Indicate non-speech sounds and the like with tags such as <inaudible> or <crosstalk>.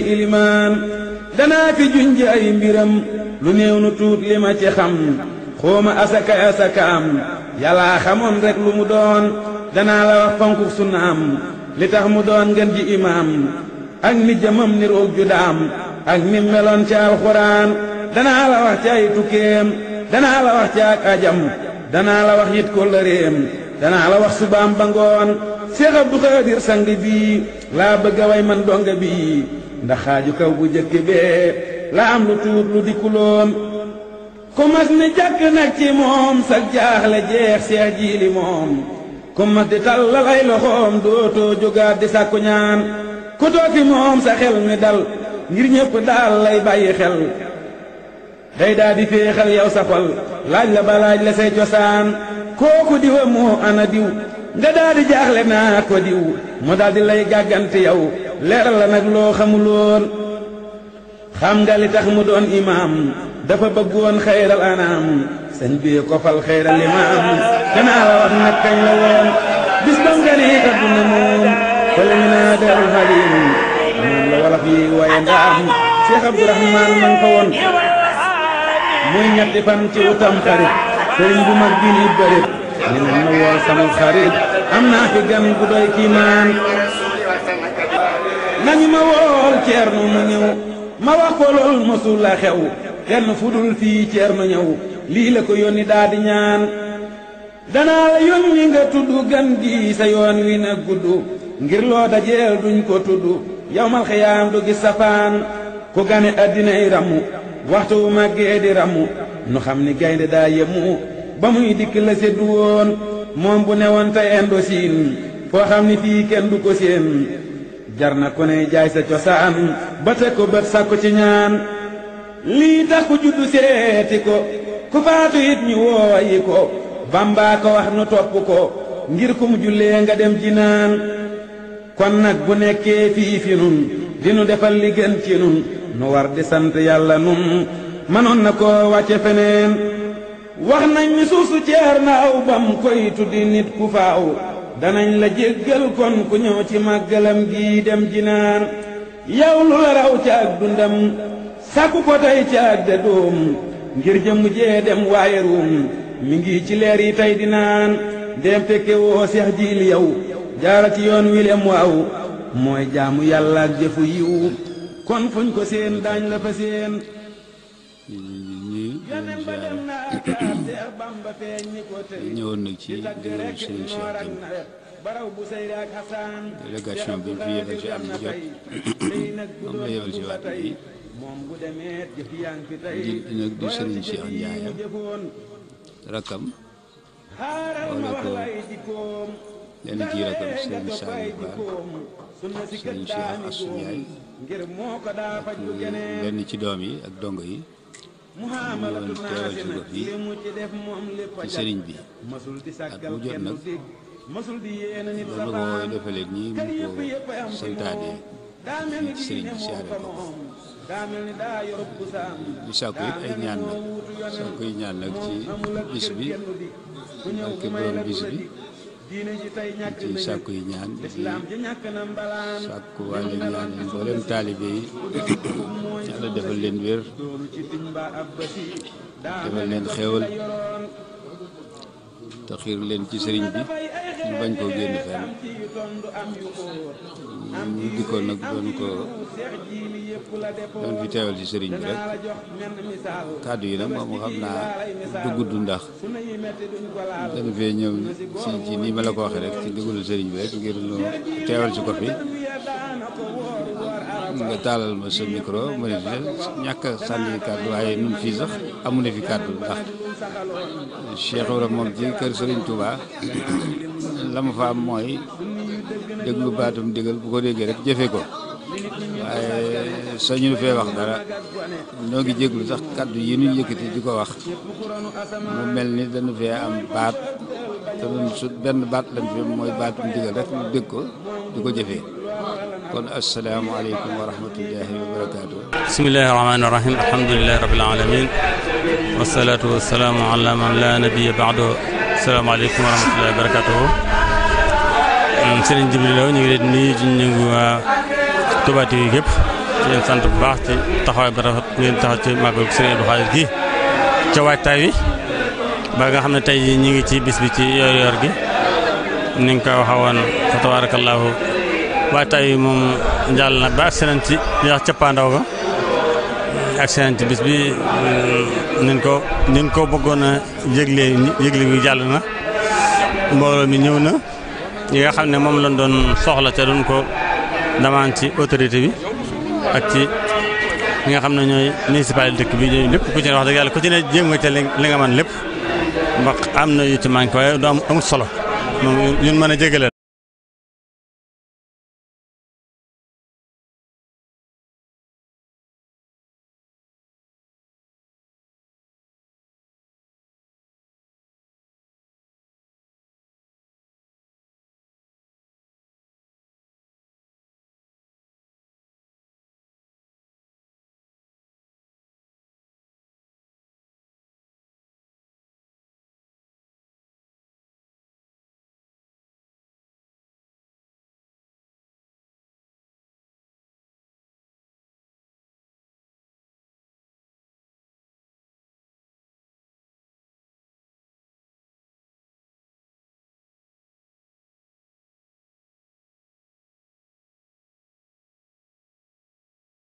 ilimaan danaa fi juñ ji mbiram lu néew nu tuut li ma ci xam xooma asaka asaka am yàllaa xamoon rek lu mu doon danaa la wax fonku sunna am li tax mu doon ngën ji imaam ak ni jëmam ni roog ju daam ak ni meloon ci alxuraan danaa la wax ci tukkeem danaa la wax ci ajam danaa la wax yit kóllëreem danaa la wax subaam ba ngoon Seex Abdu Xaadir sang bii laa bëgg a way man donga bii ndax xaaju kaw bu jëkk bee la am lu tuut lu di kuloon ku mas ni jàkk nag ci moom sag jaaxle jeex seex jiili moom ku mas di tàllal ay loxoom dootoo jógaat di sàkku ku toog moom sa xel mi dal ngir ñëpp daal lay bàyyi xel day daa di féexal yow safal laaj la ba laaj la say cosaan kooku diwa moo ana diw nga daa di jaaxle naa ko diw mu daal di lay gàggante leral la nak lo xamul won xam nga li tax mu don imam dafa bëggoon xayral anam sëñ bi ko fal xayral imam kana la wax nak kay la won bis bam ganee adduna moom fële ñu naa deru xalim moom la wala fi waaye ndam Cheikh Abdourahmane man ko won muy ñetti fan ci utam xarit sëriñ bu mag bi ni bari ni na wo sama xarit amna fi gam gu doy ki man nañu ma wool ceerno mu ñëw ma wax ko lool mësul xew kenn fu dul fii ceerno ñëw lii la ko yónni daa di ñaan danaa la nga tudd gan gi sa yoon wi na gudd ngir loo dajeel duñ ko tudd yawmal xiyaam du gis safaan ku gane addinay ramu waxtu wu màggee ramu nu xam ni gaynde daa yemu ba muy dikk seddu woon moom bu newoon te endo siin foo xam ni fii kenn du ko seen jar na ku ne jaay sa cosaan ba teg ko bët sàkku ci ñaan lii tax ku juddu seeti ko ku faatu it ñu wooyi ko bambaa ko wax nu topp ko ngir ku mu nga dem ji naan kon nag bu nekkee fii nun di nu defal li gën ci nun nu war di sant yàlla nun mënoon na koo wàcce feneen wax nañ ni suuf su na aw bam koy tuddi nit ku danañ la jéggal kon ku ñëw ci màggalam gi dem jinaan yow lu la raw ca ak dundam sàkku ko tey ca ak de doom ngir jëmu jee dem waaye ruum mi ngi ci leer yi tey dinaan dem fekke woo seex jiil yow jaara ci yoon wilem waaw mooy jaamu yàlla ak jëfu yiw kon fuñ ko seen daañ la fa seen ñëwoon nag ci ndigalu Serigne Cheikh Deme délégation bi fi yebal ci at <coughs> mi ci waat bi njiit bi nag di Serigne ko lenn ci rakkam Serigne lenn ci doom yi ak dongo yi. mu ñëwoon teewal bi ak mu jot nag loolu ma ko defalee nii mu ko santaane fii ci ko di ay ñaan nag sàkku yi ñaan nag ci bis bi ak borom bis bi ci sàkku yu ñaan di sàkku waale ñaan mboolem taalibe yi yàlla defal leen wér defal leen xéewal te xiir leen ci sëriñ bi ñu bañ koo génn fenn ñu dikkoon nag doon ko doon fi teewal ci sëriñ bi rek kàddu yi nag moom xam naa du ndax dañ fee ñëw ci ma la ko waxee rek ci ndigalu sëriñ bi rek ngir ñu teewal ci ko fi nga taalal ma sa micro ma ne ñàkk a waaye ñun fii sax amu na fi kàddu ndax Cheikh Ibrahima moom ci kër Serigne Touba. la ma fa am mooy déglu baatum digal bu ko déggee rek jëfe ko waaye sañu fee wax dara noo ngi jéglu sax kàddu yi ñu yëkkati di ko wax mu mel ni dañu fee am baat te ñun su benn baat lañ fi mooy baatum digal rek ñu dégg ko di ko jëfee kon asalaamaaleykum wa rahmatullahi wa barakaatu. bismillahi rahmaani rahim alhamdulilahi rabbil alamin wasalaatu wasalaamu ala man la nabiya baado asalaamaaleykum wa rahmatullahi wa barakatuhu Euh, Serigne Djibril Lo ñu ngi leen nuyu waa Touba TV yëpp sant bu baax ci taxawaay ba rafet ngeen taxaw ci màggal Serigne Abdou Khadre gi ca waajtaay wi ba nga xam ne tey ñu ngi ci bis bi ci yoor yoor gi ni nga ko waxa woon fa tabaarakallaahu waajtaay wi moom njàll na ba ak seeneen ci yax bi euh, nin ko nin ko bëggoon a yëgle yëgle bi na mbooloo ñëw na yi nga xam ne moom lañ doon soxla te duñ ko demande ci autorité bi ak ci ñi nga xam ne ñooy municipalité dëkk bi ñooy lépp ku ci ne wax dëgg yàlla ku ci ne jéem nga ca li nga man lépp mbax am na yu ci manqué waaye am solo moom ñun mën